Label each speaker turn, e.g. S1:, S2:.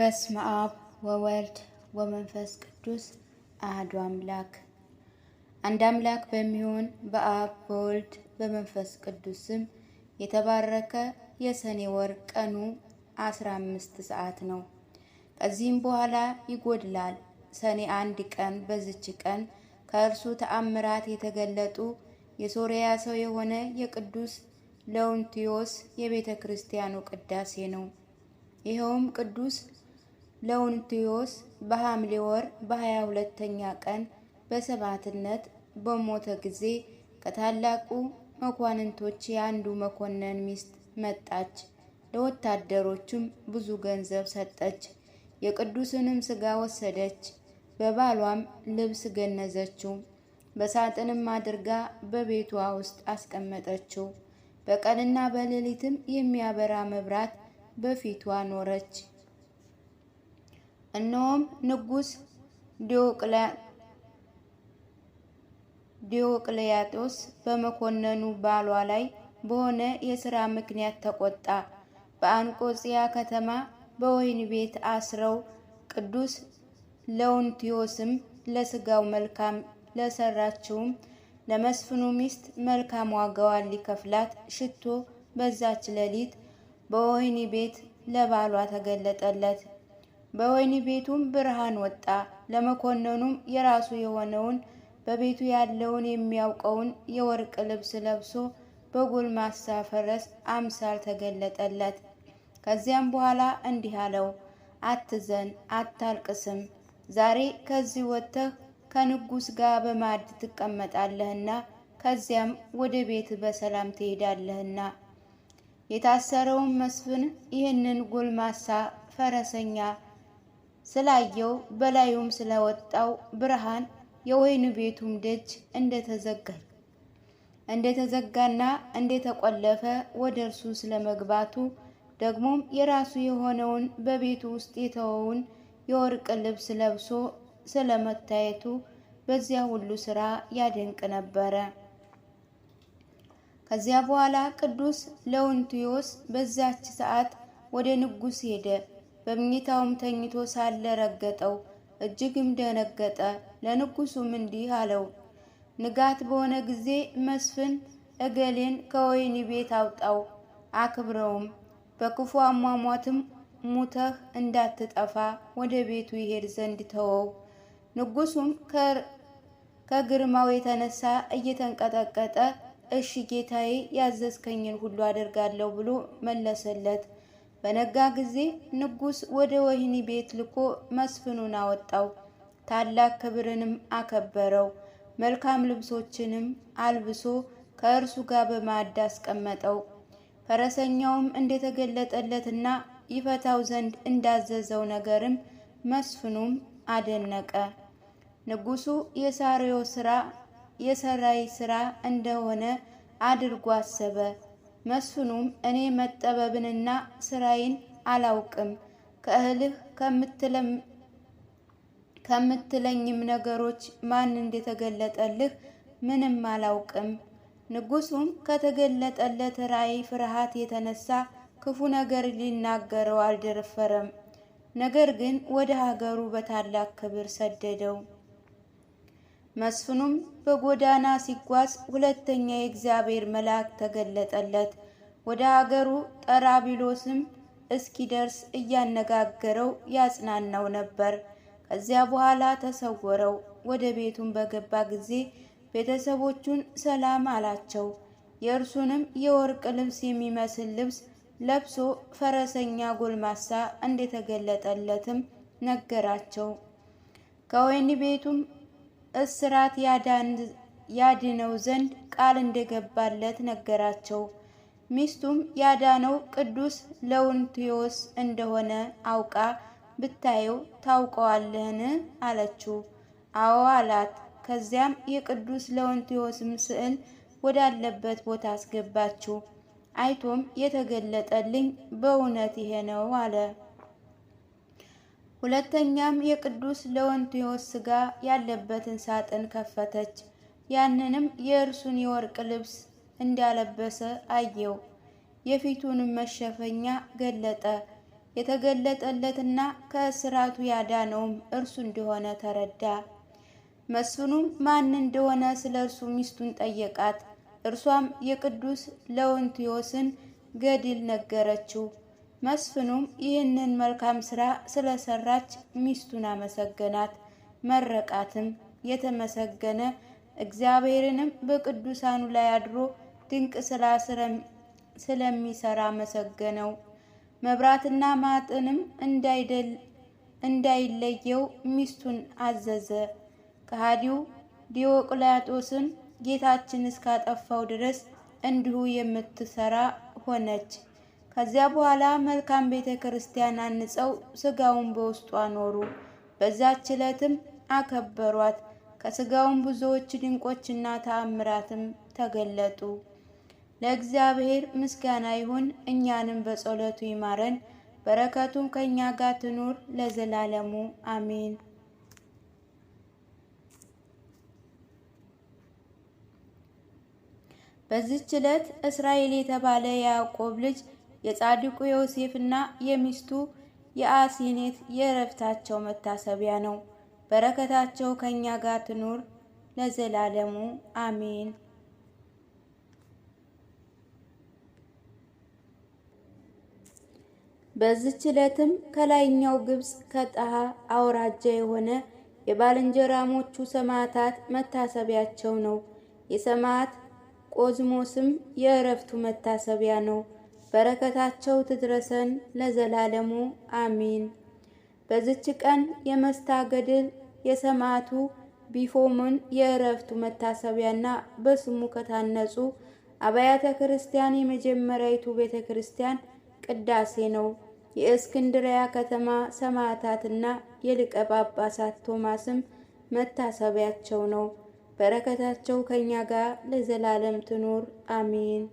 S1: በስመ አብ ወወልድ ወመንፈስ ቅዱስ አህዱ አምላክ አንድ አምላክ በሚሆን በአብ በወልድ በመንፈስ ቅዱስ ስም የተባረከ የሰኔ ወር ቀኑ አስራ አምስት ሰዓት ነው። ከዚህም በኋላ ይጎድላል። ሰኔ አንድ ቀን በዝች ቀን ከእርሱ ተአምራት የተገለጡ የሶርያ ሰው የሆነ የቅዱስ ለውንቲዮስ የቤተ ክርስቲያኑ ቅዳሴ ነው። ይኸውም ቅዱስ ለውንቲዮስ በሐምሌ ወር በሀያ ሁለተኛ ቀን በሰባትነት በሞተ ጊዜ ከታላቁ መኳንንቶች የአንዱ መኮንን ሚስት መጣች። ለወታደሮቹም ብዙ ገንዘብ ሰጠች። የቅዱስንም ስጋ ወሰደች። በባሏም ልብስ ገነዘችው። በሳጥንም አድርጋ በቤቷ ውስጥ አስቀመጠችው። በቀንና በሌሊትም የሚያበራ መብራት በፊቷ ኖረች። እነሆም ንጉስ ዲዮቅልያጦስ በመኮንኑ ባሏ ላይ በሆነ የስራ ምክንያት ተቆጣ። በአንጾኪያ ከተማ በወህኒ ቤት አስረው ቅዱስ ለውንቲዮስም ለስጋው መልካም ለሰራችውም ለመስፍኑ ሚስት መልካም ዋጋዋን ሊከፍላት ሽቶ በዛች ሌሊት በወህኒ ቤት ለባሏ ተገለጠለት። በወህኒ ቤቱም ብርሃን ወጣ። ለመኮንኑም የራሱ የሆነውን በቤቱ ያለውን የሚያውቀውን የወርቅ ልብስ ለብሶ በጎልማሳ ፈረስ አምሳል ተገለጠለት። ከዚያም በኋላ እንዲህ አለው፣ አትዘን፣ አታልቅስም። ዛሬ ከዚህ ወጥተህ ከንጉሥ ጋር በማዕድ ትቀመጣለህና ከዚያም ወደ ቤት በሰላም ትሄዳለህና። የታሰረውን መስፍን ይህንን ጎልማሳ ፈረሰኛ ስላየው በላዩም ስለወጣው ብርሃን የወይኑ ቤቱም ደጅ እንደተዘጋ እንደተዘጋና እንደተቆለፈ ወደ እርሱ ስለመግባቱ ደግሞም የራሱ የሆነውን በቤቱ ውስጥ የተወውን የወርቅ ልብስ ለብሶ ስለመታየቱ በዚያ ሁሉ ስራ ያደንቅ ነበረ። ከዚያ በኋላ ቅዱስ ለውንቲዮስ በዛች ሰዓት ወደ ንጉሥ ሄደ። በምኝታውም ተኝቶ ሳለ ረገጠው፣ እጅግም ደነገጠ። ለንጉሱም እንዲህ አለው፣ ንጋት በሆነ ጊዜ መስፍን እገሌን ከወህኒ ቤት አውጣው፣ አክብረውም፣ በክፉ አሟሟትም ሙተህ እንዳትጠፋ ወደ ቤቱ ይሄድ ዘንድ ተወው። ንጉሱም ከግርማው የተነሳ እየተንቀጠቀጠ እሺ ጌታዬ፣ ያዘዝከኝን ሁሉ አደርጋለሁ ብሎ መለሰለት። በነጋ ጊዜ ንጉስ ወደ ወህኒ ቤት ልኮ መስፍኑን አወጣው። ታላቅ ክብርንም አከበረው። መልካም ልብሶችንም አልብሶ ከእርሱ ጋር በማዕድ አስቀመጠው። ፈረሰኛውም እንደተገለጠለትና ይፈታው ዘንድ እንዳዘዘው ነገርም መስፍኑም አደነቀ። ንጉሱ የሳሪዮ ስራ የሰራይ ስራ እንደሆነ አድርጎ አሰበ። መስፍኑም እኔ መጠበብንና ስራዬን አላውቅም ከእህልህ ከምትለኝም ነገሮች ማን እንደተገለጠልህ ምንም አላውቅም። ንጉሱም ከተገለጠለት ራዕይ ፍርሃት የተነሳ ክፉ ነገር ሊናገረው አልደረፈረም። ነገር ግን ወደ ሀገሩ በታላቅ ክብር ሰደደው። መስፍኑም በጎዳና ሲጓዝ ሁለተኛ የእግዚአብሔር መልአክ ተገለጠለት። ወደ አገሩ ጠራቢሎስም እስኪደርስ እያነጋገረው ያጽናናው ነበር። ከዚያ በኋላ ተሰወረው። ወደ ቤቱን በገባ ጊዜ ቤተሰቦቹን ሰላም አላቸው። የእርሱንም የወርቅ ልብስ የሚመስል ልብስ ለብሶ ፈረሰኛ ጎልማሳ እንደተገለጠለትም ነገራቸው። ከወህኒ ቤቱም እስራት ያድነው ዘንድ ቃል እንደገባለት ነገራቸው። ሚስቱም ያዳነው ቅዱስ ለውንቲዮስ እንደሆነ አውቃ ብታየው ታውቀዋለህን? አለችው። አዎ አላት። ከዚያም የቅዱስ ለውንቲዮስም ስዕል ወዳለበት ቦታ አስገባችው። አይቶም የተገለጠልኝ በእውነት ይሄ ነው አለ። ሁለተኛም የቅዱስ ለወንቲዮስ ሥጋ ያለበትን ሳጥን ከፈተች። ያንንም የእርሱን የወርቅ ልብስ እንዳለበሰ አየው። የፊቱንም መሸፈኛ ገለጠ። የተገለጠለትና ከእስራቱ ያዳነውም እርሱ እንደሆነ ተረዳ። መስፍኑም ማን እንደሆነ ስለ እርሱ ሚስቱን ጠየቃት። እርሷም የቅዱስ ለወንቲዮስን ገድል ነገረችው። መስፍኑም ይህንን መልካም ስራ ስለሰራች ሚስቱን አመሰገናት፣ መረቃትም። የተመሰገነ እግዚአብሔርንም በቅዱሳኑ ላይ አድሮ ድንቅ ስራ ስለሚሰራ መሰገነው። መብራትና ማጥንም እንዳይለየው ሚስቱን አዘዘ። ከሃዲው ዲዮቅልጥያኖስን ጌታችን እስካጠፋው ድረስ እንዲሁ የምትሰራ ሆነች። ከዚያ በኋላ መልካም ቤተ ክርስቲያን አንጸው ስጋውን በውስጧ ኖሩ። በዛች ዕለትም አከበሯት። ከስጋውን ብዙዎች ድንቆችና ተአምራትም ተገለጡ። ለእግዚአብሔር ምስጋና ይሁን። እኛንም በጸሎቱ ይማረን፣ በረከቱም ከእኛ ጋር ትኑር ለዘላለሙ አሜን። በዚች ዕለት እስራኤል የተባለ የያዕቆብ ልጅ የጻድቁ ዮሴፍና የሚስቱ የአሲኔት የእረፍታቸው መታሰቢያ ነው። በረከታቸው ከእኛ ጋር ትኑር ለዘላለሙ አሜን። በዚች ዕለትም ከላይኛው ግብፅ ከጣሃ አውራጃ የሆነ የባልንጀራሞቹ ሰማዕታት መታሰቢያቸው ነው። የሰማዕት ቆዝሞስም የእረፍቱ መታሰቢያ ነው። በረከታቸው ትድረሰን ለዘላለሙ አሚን። በዝች ቀን የመስታገድል የሰማዕቱ ቢፎምን የእረፍቱ መታሰቢያና በስሙ ከታነጹ አብያተ ክርስቲያን የመጀመሪያይቱ ቤተ ክርስቲያን ቅዳሴ ነው። የእስክንድሪያ ከተማ ሰማዕታትና የሊቀ ጳጳሳት ቶማስም መታሰቢያቸው ነው። በረከታቸው ከእኛ ጋር ለዘላለም ትኑር አሚን።